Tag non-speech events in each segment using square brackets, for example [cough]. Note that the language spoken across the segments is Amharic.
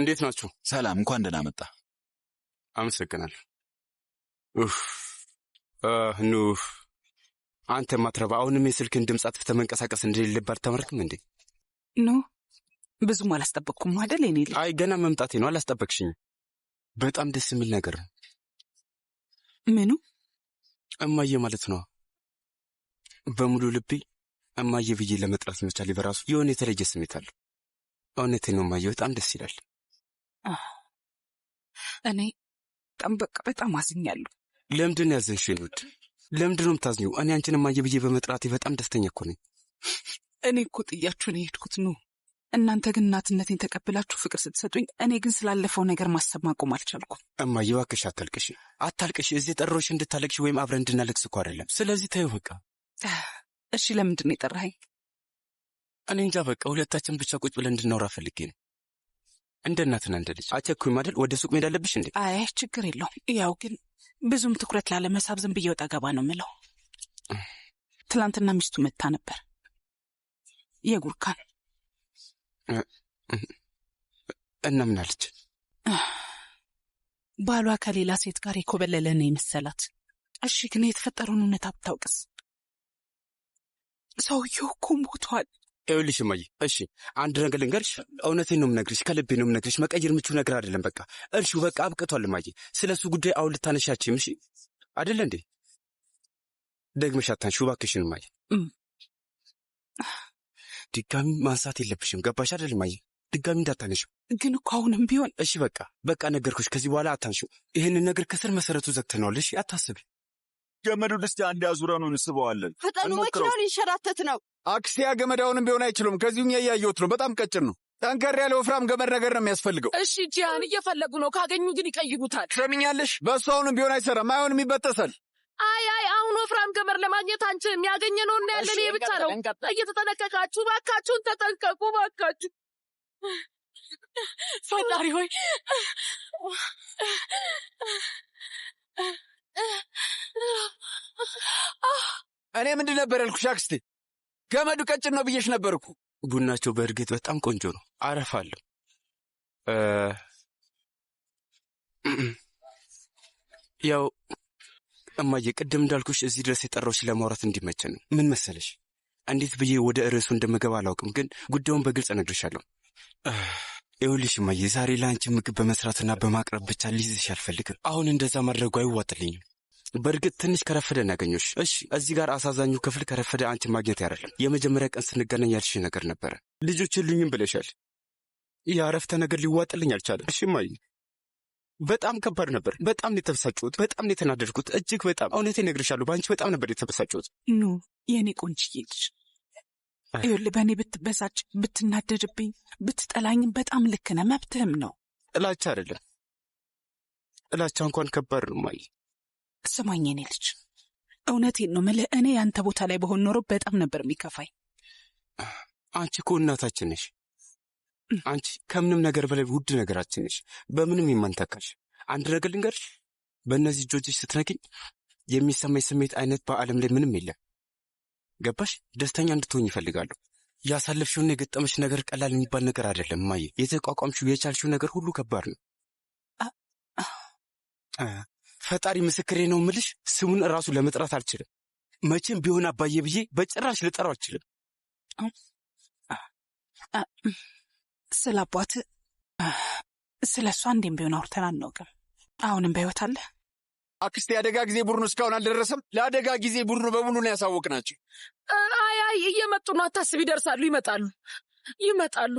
እንዴት ናችሁ? ሰላም። እንኳን ደህና መጣ። አመሰግናለሁ። ኑ አንተ ማትረባ፣ አሁንም የስልክን ድምፅ አጥፍተ መንቀሳቀስ እንደሌለብህ አልተመረክም እንዴ? ኖ ብዙም አላስጠበቅኩም አይደል? ኔ አይ ገና መምጣቴ ነው። አላስጠበቅሽኝ። በጣም ደስ የሚል ነገር ነው። ምኑ? እማዬ ማለት ነው። በሙሉ ልቤ እማዬ ብዬ ለመጥራት መቻል በራሱ የሆነ የተለየ ስሜት አለው። እውነቴ ነው እማዬ፣ በጣም ደስ ይላል። እኔ በጣም በቃ በጣም አዝኛለሁ። ለምንድን ነው ያዘንሽ? ውድ ለምንድን ነው የምታዝኘው? እኔ አንቺን እማዬ ብዬ በመጥራቴ በጣም ደስተኛ እኮ ነኝ። እኔ እኮ ጥያችሁን የሄድኩት ነው። እናንተ ግን እናትነቴን ተቀብላችሁ ፍቅር ስትሰጡኝ፣ እኔ ግን ስላለፈው ነገር ማሰብ ማቆም አልቻልኩም። እማዬ እባክሽ አታልቅሽ፣ አታልቅሽ። እዚህ የጠራሁሽ እንድታለቅሽ ወይም አብረን እንድናለቅስ እኮ አይደለም። ስለዚህ ተይው በቃ። እሺ ለምንድን ነው የጠራኸኝ? እኔ እንጃ በቃ ሁለታችን ብቻ ቁጭ ብለን እንድናወራ ፈልጌ ነው። እንደ እናትና እንደ ልጅ አቸኩኝ ማደል ወደ ሱቅ መሄድ አለብሽ እንዴ? አይ ችግር የለውም። ያው ግን ብዙም ትኩረት ላለመሳብ ዝም ብዬ ወጣ ገባ ነው የምለው። ትላንትና ሚስቱ መታ ነበር የጉርካን እና ምን አለች? ባሏ ከሌላ ሴት ጋር የኮበለለ ነው የመሰላት። እሺ ግን የተፈጠረውን እውነት አብታውቅስ? ሰውየው እኮ ሞቷል። ይኸውልሽ እማዬ፣ እሺ አንድ ነገር ልንገርሽ። እውነቴን ነው የምነግርሽ፣ ከልቤ ነው የምነግርሽ። መቀየር ምቹ ነገር አይደለም። በቃ እሺ፣ በቃ አብቅቷል እማዬ። ስለ እሱ ጉዳይ አሁን ልታነሻችም እሺ፣ አይደለ እንዴ? ደግመሽ አታንሺው እባክሽን እማዬ። ድጋሚ ማንሳት የለብሽም። ገባሽ አይደል እማዬ? ድጋሚ እንዳታነሺው። ግን እኮ አሁንም ቢሆን እሺ፣ በቃ በቃ ነገርኩሽ። ከዚህ በኋላ አታንሺው። ይህንን ነገር ከስር መሰረቱ ዘግተነዋል። እሺ፣ አታስቢ። ገመዱን እስቲ አንድ አዙረን እንስበዋለን። ፈጠኑ፣ መኪናውን ይንሸራተት ነው አክሲያ ገመዳውንም ቢሆን አይችሉም። ከዚሁኛ እያየሁት ነው። በጣም ቀጭን ነው። ጠንከር ያለ ወፍራም ገመድ ነገር ነው የሚያስፈልገው። እሺ ጂያን እየፈለጉ ነው። ካገኙ ግን ይቀይሩታል። ትሰሚኛለሽ? በእሱ አሁንም ቢሆን አይሰራም። አይሆንም፣ ይበጠሳል። አይ አይ፣ አሁን ወፍራም ገመድ ለማግኘት አንችልም። ያገኘ ነው እና ያለን ይሄ ብቻ ነው። እየተጠነቀቃችሁ ባካችሁን፣ ተጠንቀቁ ባካችሁ። ፈጣሪ ሆይ እኔ ምንድን ነበር ያልኩሽ አክስቴ? ገመዱ ቀጭን ነው ብዬሽ ነበርኩ። ቡናቸው በእርግጥ በጣም ቆንጆ ነው። አረፋለሁ። ያው እማዬ፣ ቅድም እንዳልኩሽ እዚህ ድረስ የጠራሁሽ ለማውራት እንዲመቸ ነው። ምን መሰለሽ፣ እንዴት ብዬ ወደ ርዕሱ እንደምገባ አላውቅም፣ ግን ጉዳዩን በግልጽ እነግርሻለሁ። ይኸውልሽ እማዬ፣ ዛሬ ለአንቺ ምግብ በመስራትና በማቅረብ ብቻ ሊይዝሽ አልፈልግም። አሁን እንደዛ ማድረጉ አይዋጥልኝም። በእርግጥ ትንሽ ከረፈደ እናገኘሽ። እሺ፣ እዚህ ጋር አሳዛኙ ክፍል ከረፈደ አንቺ ማግኘት አይደለም። የመጀመሪያ ቀን ስንገናኝ ያልሽ ነገር ነበረ። ልጆች የሉኝም ብለሻል። ይህ ነገር ሊዋጥልኝ አልቻለም። እሺ ማይ በጣም ከባድ ነበር። በጣም ነው የተበሳጭሁት። በጣም ነው የተናደድኩት። እጅግ በጣም እውነቴን እነግርሻለሁ። በአንቺ በጣም ነበር የተበሳጭሁት። ኑ የእኔ ቆንጅዬ ልጅ ይኸውልህ፣ በእኔ ብትበሳጭ፣ ብትናደድብኝ፣ ብትጠላኝም በጣም ልክ ነህ። መብትህም ነው። ጥላቻ አይደለም ጥላቻ እንኳን ከባድ ነው ማይ። ስማኝ የኔ ልጅ፣ እውነቴን ነው የምልህ። እኔ ያንተ ቦታ ላይ በሆን ኖሮ በጣም ነበር የሚከፋኝ። አንቺ እኮ እናታችን ነሽ። አንቺ ከምንም ነገር በላይ ውድ ነገራችን ነሽ፣ በምንም የማንተካሽ። አንድ ነገር ልንገርሽ፣ በእነዚህ እጆችሽ ስትነግኝ የሚሰማኝ ስሜት አይነት በዓለም ላይ ምንም የለም። ገባሽ? ደስተኛ እንድትሆኝ ይፈልጋሉ። ያሳለፍሽውና የገጠመሽ ነገር ቀላል የሚባል ነገር አይደለም ማየ። የተቋቋምሽው የቻልሽው ነገር ሁሉ ከባድ ነው። ፈጣሪ ምስክሬ ነው ምልሽ፣ ስሙን እራሱ ለመጥራት አልችልም። መቼም ቢሆን አባዬ ብዬ በጭራሽ ልጠራው አልችልም። ስለ አባት ስለ እሷ እንዴም ቢሆን አውርተን አናውቅም። አሁንም በሕይወት አለ። አክስቴ የአደጋ ጊዜ ቡድኑ እስካሁን አልደረሰም። ለአደጋ ጊዜ ቡድኑ በሙሉ ነው ያሳወቅናቸው። አይ አይ እየመጡ ነው፣ አታስብ። ይደርሳሉ፣ ይመጣሉ፣ ይመጣሉ።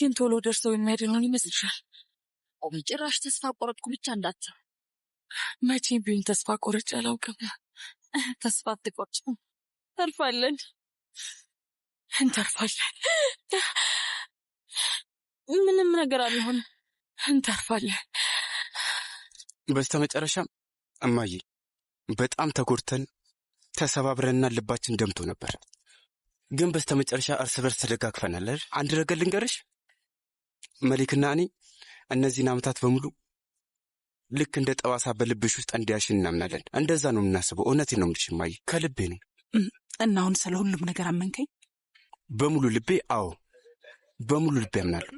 ግን ቶሎ ደርሰው የሚያድነውን ይመስልሻል? ጭራሽ ተስፋ ቆረጥኩ ብቻ እንዳትሰው መቼም ቢሆን ተስፋ ቆርጬ አላውቅም። ተስፋ አትቆርጭ፣ ተርፋለን፣ እንተርፋለን። ምንም ነገር አልሆንም፣ እንተርፋለን። በስተመጨረሻም እማዬ በጣም ተጎድተን ተሰባብረንና ልባችን ደምቶ ነበር፣ ግን በስተመጨረሻ እርስ በርስ ተደጋግፈናል። አንድ ነገር ልንገርሽ፣ መሊክና እኔ እነዚህን ዓመታት በሙሉ ልክ እንደ ጠባሳ በልብሽ ውስጥ እንዲያሽን እናምናለን። እንደዛ ነው የምናስበው። እውነቴ ነው የምልሽ እማዬ፣ ከልቤ ነው። እና አሁን ስለ ሁሉም ነገር አመንከኝ? በሙሉ ልቤ። አዎ በሙሉ ልቤ አምናለሁ።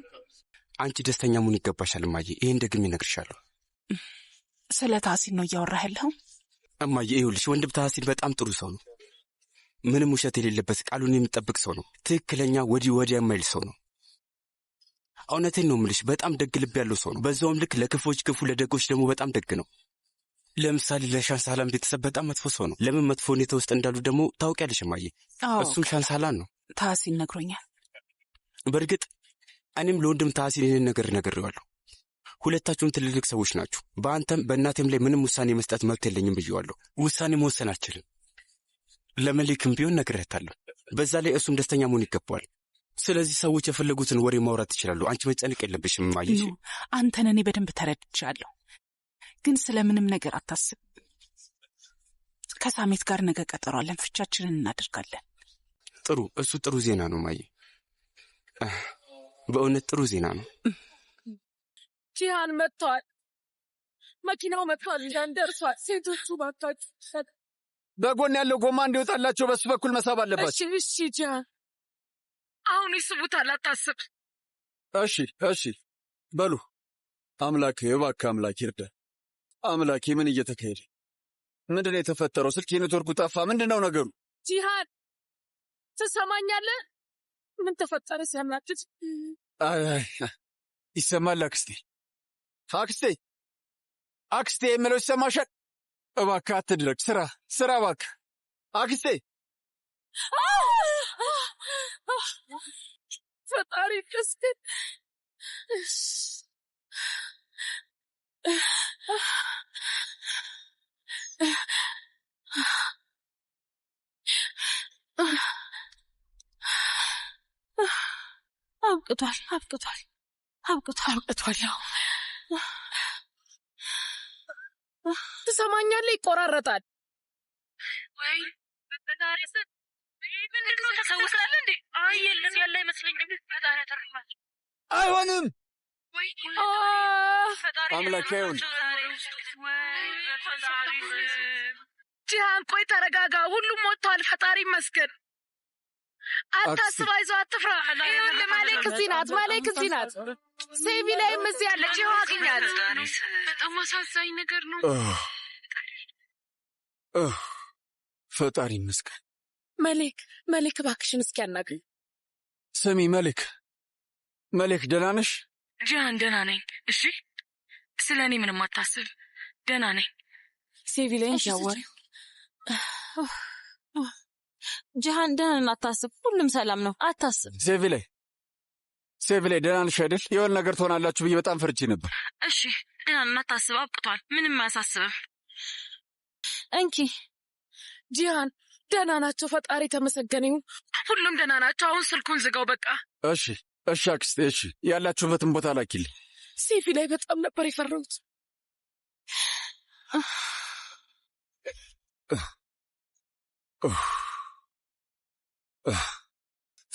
አንቺ ደስተኛ መሆን ይገባሻል እማዬ። ይሄን ደግሜ እነግርሻለሁ። ስለ ታሲን ነው እያወራህ ያለኸው? እማዬ ይኸውልሽ፣ ወንድም ታሲን በጣም ጥሩ ሰው ነው። ምንም ውሸት የሌለበት ቃሉን የሚጠብቅ ሰው ነው። ትክክለኛ ወዲህ ወዲያ የማይል ሰው ነው። እውነቴን ነው ምልሽ፣ በጣም ደግ ልብ ያለው ሰው ነው። በዛውም ልክ ለክፎች ክፉ፣ ለደጎች ደግሞ በጣም ደግ ነው። ለምሳሌ ለሻንሳላም ቤተሰብ በጣም መጥፎ ሰው ነው። ለምን መጥፎ ሁኔታ ውስጥ እንዳሉ ደግሞ ታውቂያለሽ እማዬ። እሱም ሻንሳላን ነው። ታህሲን ነግሮኛል። በእርግጥ እኔም ለወንድም ታሲን ይህንን ነገር ነግሬዋለሁ። ሁለታችሁም ትልልቅ ሰዎች ናችሁ። በአንተም በእናቴም ላይ ምንም ውሳኔ መስጠት መብት የለኝም ብዬዋለሁ። ውሳኔ መወሰን አልችልም። ለመልክም ቢሆን ነግሬሃታለሁ። በዛ ላይ እሱም ደስተኛ መሆን ይገባዋል። ስለዚህ ሰዎች የፈለጉትን ወሬ ማውራት ትችላሉ። አንቺ መጨነቅ የለብሽም። ማየሽ አንተን እኔ በደንብ ተረድቻለሁ፣ ግን ስለምንም ነገር አታስብ። ከሳሜት ጋር ነገ ቀጠሯለን፣ ፍቻችንን እናደርጋለን። ጥሩ፣ እሱ ጥሩ ዜና ነው ማየ፣ በእውነት ጥሩ ዜና ነው። ጂሃን መጥቷል። መኪናው መጥቷል። ጃን ደርሷል። ሴቶቹ ባካችሁ በጎን ያለው ጎማ እንዲወጣላቸው በሱ በኩል መሳብ አለባቸው። እሺ፣ እሺ ጂሃን አሁን ይስቡታል፣ አታስብ። እሺ እሺ በሉ። አምላኬ እባክህ አምላኬ ይርዳል አምላኬ ምን እየተካሄደ ምንድን ነው የተፈጠረው? ስልክ የኔትወርኩ ጠፋ። ምንድን ነው ነገሩ? ጂሃን ትሰማኛለህ? ምን ተፈጠረ? ሲያምናችት ይሰማል። አክስቴ አክስቴ አክስቴ የምለው ይሰማሻል? እባክህ አትድረግ። ስራ ስራ፣ እባክህ አክስቴ sorry, Kristen. አብቅቷል፣ አብቅቷል፣ አብቅቷል፣ አብቅቷል። ያው ትሰማኛለህ? ይቆራረጣል ወይ? አይሆንም። አምላክ ይሁን። ጂሃን ቆይ ተረጋጋ። ሁሉም ሞቷል። ፈጣሪ ይመስገን። አታስብ፣ አይዞህ፣ አትፍራ። ይሁን ማሌክ እዚህ ናት፣ ማሌክ እዚህ ናት። ሴቪ ላይም እዚህ ያለች፣ ይኸው አግኛት። በጣም አሳዛኝ ነገር ነው። ፈጣሪ ይመስገን። መሌክ መሌክ፣ እባክሽን እስኪ ያናግኝ ስሚ መሊክ መሊክ ደህና ነሽ? ጂሃን ደህና ነኝ። እሺ ስለ እኔ ምንም አታስብ፣ ደህና ነኝ። ሴቪላይን ሻወር ጂሃን ደህናን አታስብ፣ ሁሉም ሰላም ነው፣ አታስብ። ሴቪ ላይ ሴቪ ላይ ደህና ነሽ አይደል? የሆነ ነገር ትሆናላችሁ ብዬ በጣም ፈርቼ ነበር። እሺ ደህና ነን፣ አታስብ፣ አብቅቷል። ምንም አያሳስብም። እንኪ ጂሃን ደህና ናቸው። ፈጣሪ የተመሰገነ ይሁን። ሁሉም ደህና ናቸው። አሁን ስልኩን ዝጋው በቃ። እሺ፣ እሺ አክስቴ፣ እሺ። ያላችሁበትን ቦታ ላኪል። ሴፊ ላይ በጣም ነበር የፈራሁት።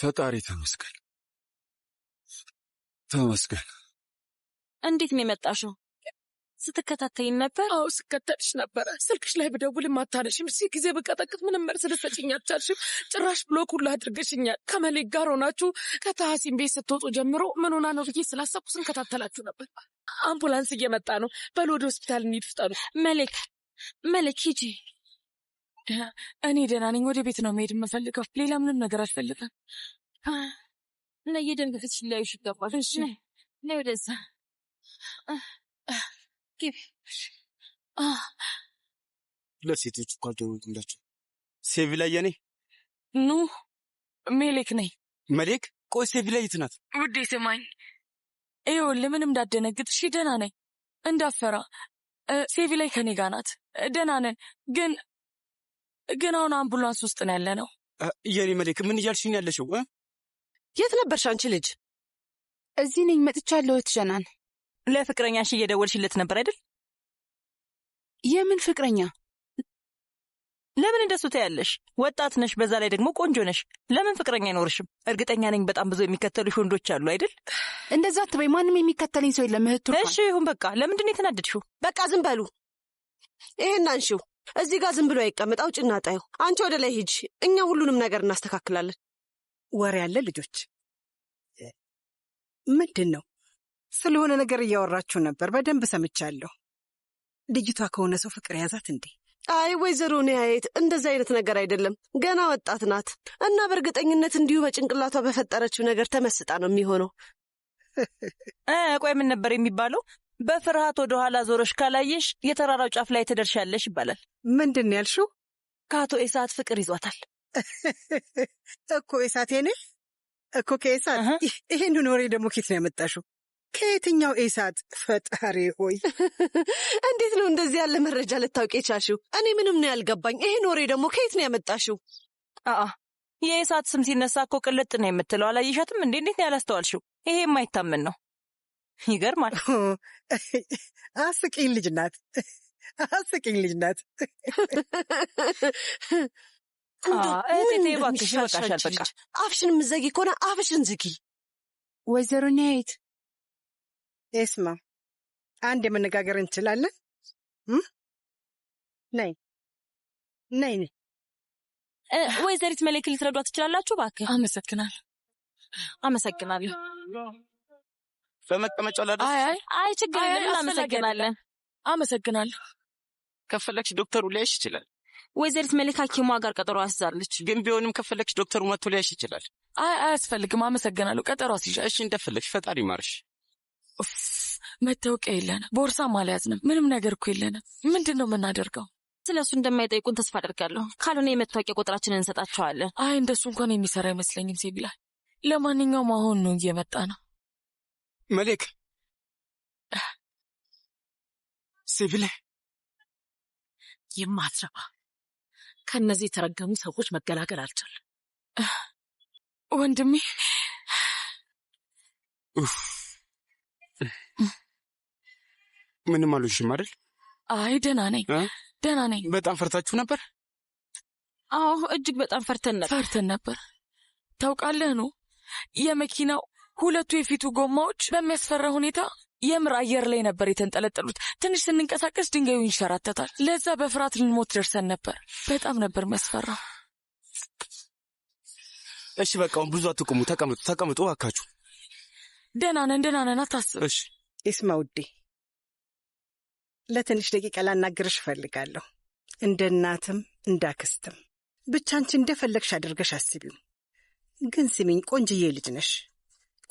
ፈጣሪ ተመስገን፣ ተመስገን። እንዴት ነው የመጣሽው? ስትከታተይን ነበር? አዎ ስከተልሽ ነበረ። ስልክሽ ላይ ብደውልም አታነሽም። ሲ ጊዜ ብቀጠቅጥ ምንም መልስ ልትሰጪኝ አልቻልሽም። ጭራሽ ብሎክ ሁሉ አድርገሽኛል። ከመሌክ ጋር ሆናችሁ ከተሐሲን ቤት ስትወጡ ጀምሮ ምን ሆና ነው ብዬ ስላሰብኩ ስንከታተላችሁ ነበር። አምቡላንስ እየመጣ ነው። በል ወደ ሆስፒታል እንሂድ፣ ፍጠኑ። መሌክ መሌክ፣ ሂጂ። እኔ ደህና ነኝ። ወደ ቤት ነው መሄድ የምፈልገው። ሌላ ምንም ነገር አልፈልግም። እና እየደንገፈች ላዩሽ ይገባል። እሺ፣ ወደዛ ግቢ። ሁለት እኮ አልደወልኩላቸው። ሴቪ ላይ የኔ ኑ ሜሌክ ነኝ። መሌክ ቆይ፣ ሴቪ ላይ የት ናት? ውዴ ስማኝ፣ ይኸውልህ ምንም እንዳደነግጥ እሺ፣ ደህና ነኝ፣ እንዳፈራ ሴቪ ላይ ከኔ ጋር ናት። ደህና ነን፣ ግን ግን አሁን አምቡላንስ ውስጥ ነው ያለ ነው። የኔ መሌክ ምን እያልሽኝ ያለሽው? የት ነበርሽ አንቺ ልጅ? እዚህ ነኝ መጥቻለሁ። ትሸናን ለፍቅረኛሽ እየደወልሽለት ነበር አይደል? የምን ፍቅረኛ? ለምን እንደሱ ታያለሽ? ወጣት ነሽ፣ በዛ ላይ ደግሞ ቆንጆ ነሽ። ለምን ፍቅረኛ አይኖርሽም? እርግጠኛ ነኝ በጣም ብዙ የሚከተሉሽ ወንዶች አሉ አይደል? እንደዛ አትበይ፣ ማንም የሚከተለኝ ሰው የለም እህቱ። እሺ ይሁን በቃ። ለምንድን ነው የተናደድሽው? በቃ ዝም በሉ። ይሄን አንሺው፣ እዚህ ጋር ዝም ብሎ አይቀመጥ። አውጭና ጣዩ። አንቺ ወደ ላይ ሂጂ፣ እኛ ሁሉንም ነገር እናስተካክላለን። ወሬ ያለ ልጆች ምንድን ነው ስለሆነ ነገር እያወራችሁ ነበር። በደንብ ሰምቻለሁ። ልጅቷ ከሆነ ሰው ፍቅር ያዛት እንዴ? አይ ወይዘሮ ኒያየት እንደዚህ አይነት ነገር አይደለም። ገና ወጣት ናት እና በእርግጠኝነት እንዲሁ በጭንቅላቷ በፈጠረችው ነገር ተመስጣ ነው የሚሆነው። [laughs] ቆይ ምን ነበር የሚባለው? በፍርሃት ወደ ኋላ ዞረሽ ካላየሽ የተራራው ጫፍ ላይ ትደርሻለሽ ይባላል። ምንድን ነው ያልሽው? ከአቶ ኤሳት ፍቅር ይዟታል [laughs] እኮ። ኤሳቴ እኮ ከኤሳት። ይህን ኖሬ ደግሞ ኬት ነው ያመጣሽው? ከየትኛው ኢሳት? ፈጣሪ ሆይ [laughs] እንዴት ነው እንደዚህ ያለ መረጃ ልታውቅ የቻልሽው? እኔ ምንም ነው ያልገባኝ። ይሄን ወሬ ደግሞ ከየት ነው ያመጣሽው? አ የኢሳት ስም ሲነሳ እኮ ቅልጥ ነው የምትለው አላየሻትም እንዴ? እንዴት ነው ያላስተዋልሽው? ይሄ የማይታመን ነው። ይገርማል። አስቂኝ ልጅ ናት። አስቂኝ ልጅ ናት። እህቴ እባክሽ ይበቃሻል። በቃ አፍሽን ምዘጊ ከሆነ አፍሽን ዝጊ። ወይዘሮ ናየት የስማ አንድ የመነጋገር እንችላለን። ነይ ነይ ነይ። ወይዘሪት መልክ ልትረዷት ትችላላችሁ? እባክህ። አመሰግናል አመሰግናለሁ። በመቀመጫው ላይ አይ አይ ችግር የለም። አመሰግናለን አመሰግናለሁ። ከፈለግሽ ዶክተሩ ሊያሽ ይችላል። ወይዘሪት መልክ ሐኪሟ ጋር ቀጠሮ አስዛለች። ግን ቢሆንም ከፈለግሽ ዶክተሩ መጥቶ ሊያይሽ ይችላል። አይ አያስፈልግም። አመሰግናለሁ። ቀጠሮ አስይዣ። እሺ እንደፈለግሽ። ፈጣሪ ይማርሽ። መታወቂያ የለንም፣ ቦርሳም አልያዝንም፣ ምንም ነገር እኮ የለንም። ምንድን ነው የምናደርገው? ስለ እሱ እንደማይጠይቁን ተስፋ አደርጋለሁ። ካልሆነ የመታወቂያ ቁጥራችንን እንሰጣቸዋለን። አይ እንደሱ እንኳን የሚሰራ አይመስለኝም ሴቢላ ለማንኛውም አሁን ነው እየመጣ ነው። መሌክ ሲቪል የማትረባ ከእነዚህ የተረገሙ ሰዎች መገላገል አልቻለም ወንድሜ ምንም አልሆንሽም አይደል? አይ ደህና ነኝ፣ ደህና ነኝ። በጣም ፈርታችሁ ነበር? አዎ እጅግ በጣም ፈርተን ነበር፣ ፈርተን ነበር። ታውቃለህ ነው የመኪናው ሁለቱ የፊቱ ጎማዎች በሚያስፈራ ሁኔታ የምር አየር ላይ ነበር የተንጠለጠሉት። ትንሽ ስንንቀሳቀስ ድንጋዩ ይንሸራተታል። ለዛ በፍርሃት ልንሞት ደርሰን ነበር። በጣም ነበር የሚያስፈራው። እሺ በቃ ብዙ አትቁሙ፣ ተቀምጡ፣ ተቀምጡ እባካችሁ። ደህና ነን፣ ደህና ነን፣ አታስብ። እሺ ይስማ ውዴ፣ ለትንሽ ደቂቃ ላናግርሽ እፈልጋለሁ። እንደ እናትም እንዳክስትም ብቻ አንቺ እንደፈለግሽ አድርገሽ አስቢው። ግን ስሚኝ ቆንጅዬ ልጅ ነሽ።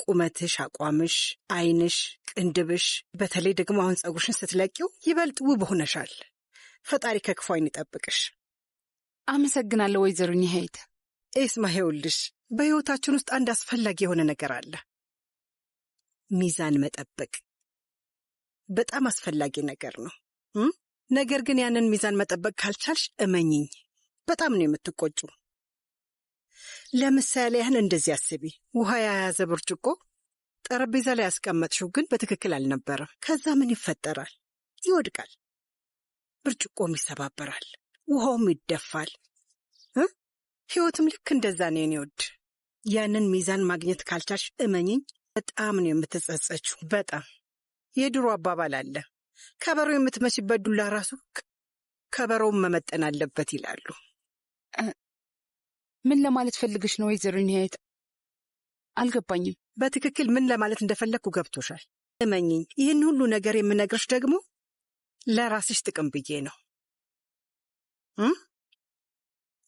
ቁመትሽ፣ አቋምሽ፣ አይንሽ፣ ቅንድብሽ፣ በተለይ ደግሞ አሁን ጸጉርሽን ስትለቂው ይበልጥ ውብ ሆነሻል። ፈጣሪ ከክፉ አይን ይጠብቅሽ። አመሰግናለሁ ወይዘሮ ሄይት። ኤስማ ሄውልሽ፣ በሕይወታችን ውስጥ አንድ አስፈላጊ የሆነ ነገር አለ። ሚዛን መጠበቅ በጣም አስፈላጊ ነገር ነው። ነገር ግን ያንን ሚዛን መጠበቅ ካልቻልሽ እመኝኝ በጣም ነው የምትቆጩ። ለምሳሌ ያህል እንደዚህ አስቢ። ውሃ የያዘ ብርጭቆ ጠረጴዛ ላይ ያስቀመጥሽው ግን በትክክል አልነበረም። ከዛ ምን ይፈጠራል? ይወድቃል፣ ብርጭቆም ይሰባበራል፣ ውሃውም ይደፋል። ህይወትም ልክ እንደዛ ነው። የኔ ውድ ያንን ሚዛን ማግኘት ካልቻልሽ እመኝኝ በጣም ነው የምትጸጸችው። በጣም የድሮ አባባል አለ ከበሮ የምትመችበት ዱላ ራሱ ከበሮውን መመጠን አለበት ይላሉ። ምን ለማለት ፈልግሽ ነው ወይዘሮ ኒያየት? አልገባኝም። በትክክል ምን ለማለት እንደፈለግኩ ገብቶሻል። እመኝኝ፣ ይህን ሁሉ ነገር የምነግርሽ ደግሞ ለራስሽ ጥቅም ብዬ ነው።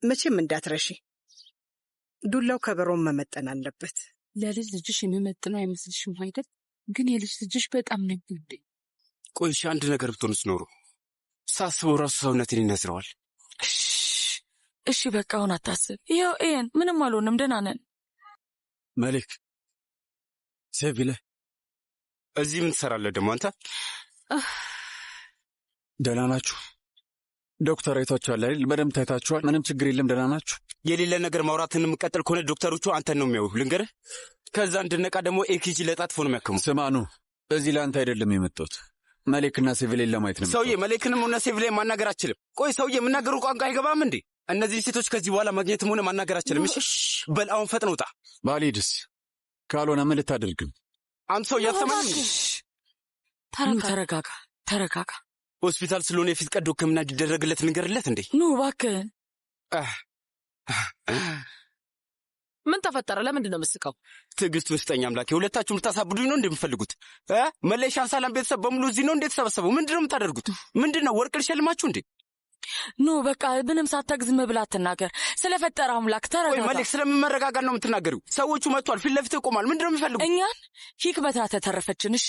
መቼም እንዳትረሺ፣ ዱላው ከበሮን መመጠን አለበት። ለልጅ ልጅሽ የሚመጥነው አይመስልሽም አይደል? ግን የልጅ ልጅሽ በጣም ነግዴ። ቆይሽ አንድ ነገር ብትሆንስ ኖሮ ሳስበው ራሱ ሰውነትን ይነዝረዋል። እሺ በቃ አሁን አታስብ። ይኸው ኤን ምንም አልሆንም፣ ደህና ነን። መልክ ሴብ ይለህ እዚህ ምን ትሰራለህ ደግሞ አንተ? ደህና ናችሁ? ዶክተር አይቷቸዋል አይደል? በደምብ ታይታችኋል። ምንም ችግር የለም፣ ደህና ናችሁ። የሌለ ነገር ማውራትን የምቀጥል ከሆነ ዶክተሮቹ አንተን ነው የሚያዩ። ልንገርህ፣ ከዛ እንድነቃ ደግሞ ኤኪጂ ለጣጥፎ ነው የሚያክሙ። ስማኑ፣ እዚህ ለአንተ አይደለም የመጣሁት መሌክና ሲቪሌን ለማየት ነው። ሰውዬ መሌክንም ሆነ ሲቪሌን ማናገር አችልም። ቆይ ሰውዬ የምናገሩ ቋንቋ አይገባም እንዴ? እነዚህ ሴቶች ከዚህ በኋላ ማግኘትም ሆነ ማናገር አችልም። እሺ በል አሁን ፈጥን ውጣ። ባሌድስ ካልሆነ ምን ልታደርግም? አንተ ሰውዬ አትሰማም። ተረጋጋ፣ ተረጋጋ ሆስፒታል ስለሆነ የፊት ቀዶ ሕክምና እንዲደረግለት ንገርለት። እንዴ ኑ እባክህን። ምን ተፈጠረ? ለምንድን ነው የምስቀው? ትዕግስት ውስጠኝ አምላኬ። ሁለታችሁ ልታሳብዱኝ ነው እንዴ የምፈልጉት? መለሻ ሳላም ቤተሰብ በሙሉ እዚህ ነው እንደተሰበሰበው። ምንድን ነው የምታደርጉት? ምንድን ነው ወርቅ ልሸልማችሁ እንዴ? ኑ በቃ ምንም ሳታግዝ መብላ አትናገር። ስለፈጠረ አምላክ ተረጋጋ። መልክ ስለምመረጋጋት ነው የምትናገሪው? ሰዎቹ መጥቷል፣ ፊት ለፊት ይቆማል። ምንድን ነው የሚፈልጉት? እኛን ሂክመት ተተረፈችን። እሺ